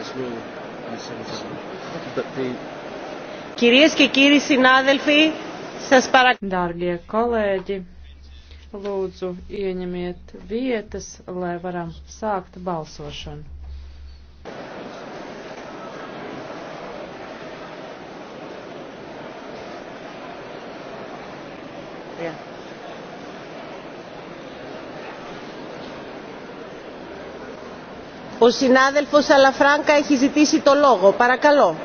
this rule by Senator. But the Κυρίες και κύριοι συνάδελφοι, σας παρακαλώ. Dārgie kolēģi, lūdzu ieņemiet vietas, lai varam sākt balsošanu. Yeah. Ο συνάδελφος Σαλαφράγκα έχει ζητήσει το λόγο. Παρακαλώ.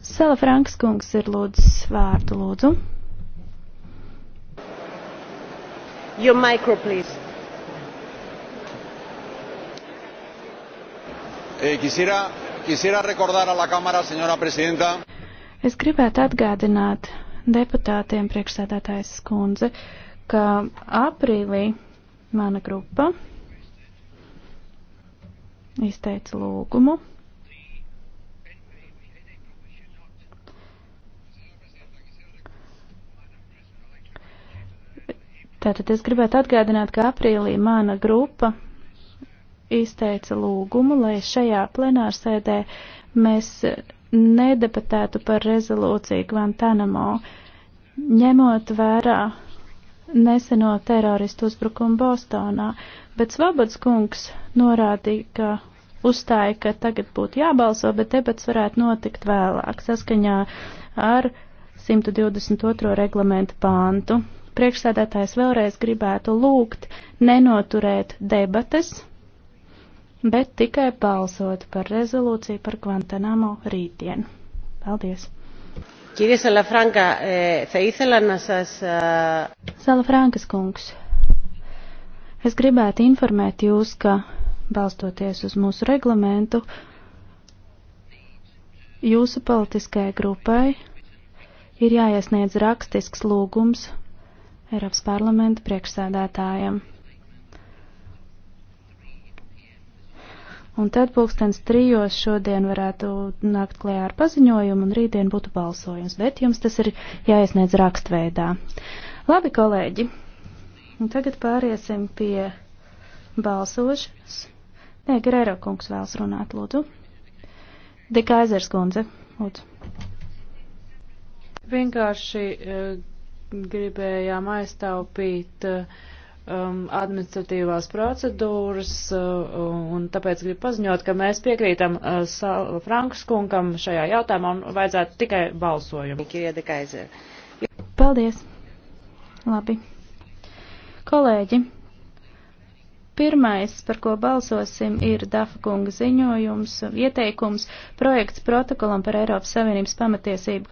Σαλαφράγκας kungs ir lūdzis vārdu, lūdzu. Your micro, please. Eh, quisiera, quisiera recordar a la Cámara, señora Presidenta. Es gribētu atgādināt deputātiem priekšsēdētājs skundze, ka aprīlī mana grupa izteica lūgumu. Tātad es gribētu atgādināt, ka aprīlī mana grupa izteica lūgumu, lai šajā plenārsēdē mēs nedebatētu par rezolūciju Guantanamo, ņemot vērā neseno teroristu uzbrukumu Bostonā, bet Svobods kungs norādīja, ka uzstāja, ka tagad būtu jābalso, bet debats varētu notikt vēlāk saskaņā ar 122. reglamentu pāntu. Priekšsēdētājs vēlreiz gribētu lūgt nenoturēt debates, bet tikai balsot par rezolūciju par Guantanamo rītdien. Paldies! Κυρία Σαλαφράγκα, θα ήθελα να σας... Σαλαφράγκας kungs, es gribētu informēt jūs, ka, balstoties uz mūsu reglamentu, jūsu politiskajai grupai ir jāiesniedz rakstisks lūgums Eiropas parlamenta priekšsēdētājiem. Un tad pulkstens trijos šodien varētu nākt klējā ar paziņojumu un rītdien būtu balsojums, bet jums tas ir jāiesniedz rakstveidā. Labi, kolēģi, un tagad pāriesim pie balsošanas. Nē, Grēro kungs vēlas runāt, lūdzu. Dekaizers kundze, lūdzu. Vienkārši uh, gribējām aiztaupīt. Uh, um, administratīvās procedūras, uh, un tāpēc gribu paziņot, ka mēs piekrītam uh, Frankus kungam šajā jautājumā un vajadzētu tikai balsojumu. Paldies! Labi. Kolēģi, pirmais, par ko balsosim, ir Dafa kunga ziņojums, uh, ieteikums, projekts protokolam par Eiropas Savienības pamatiesību.